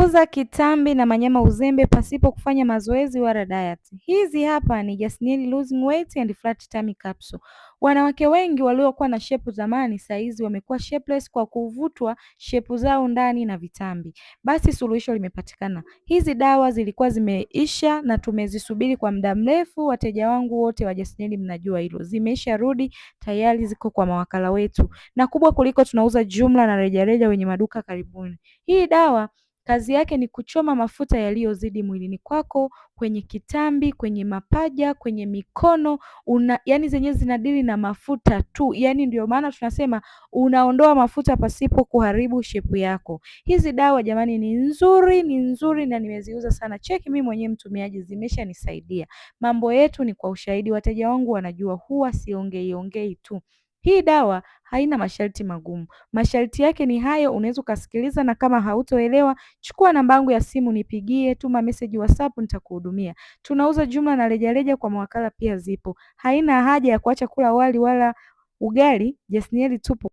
Kupunguza kitambi na manyama uzembe pasipo kufanya mazoezi wala diet. Hizi hapa ni Jasnine Losing Weight and Flat Tummy Capsule. Wanawake wengi waliokuwa na shepu zamani hizi wamekuwa shapeless kwa kuvutwa shepu zao ndani na vitambi. Basi suluhisho limepatikana. Hizi dawa zilikuwa zimeisha na tumezisubiri kwa muda mrefu. Wateja wangu wote wa Jasnine mnajua hilo, zimeisha rudi tayari, ziko kwa mawakala wetu, na kubwa kuliko tunauza jumla na rejareja wenye maduka. Karibuni. Hii dawa Kazi yake ni kuchoma mafuta yaliyozidi mwilini kwako, kwenye kitambi, kwenye mapaja, kwenye mikono una, yani zenyewe zinadili na mafuta tu, yani ndio maana tunasema unaondoa mafuta pasipo kuharibu shepu yako. Hizi dawa jamani ni nzuri, ni nzuri na nimeziuza sana. Cheki mimi mwenyewe mtumiaji, zimeshanisaidia. Mambo yetu ni kwa ushahidi, wateja wangu wanajua, huwa siongeiongei tu. Hii dawa haina masharti magumu, masharti yake ni hayo, unaweza ukasikiliza, na kama hautoelewa chukua namba yangu ya simu nipigie, tuma meseji WhatsApp nitakuhudumia. Tunauza jumla na rejareja, kwa mawakala pia zipo. Haina haja ya kuacha kula wali wala ugali, Jasnieli tupo.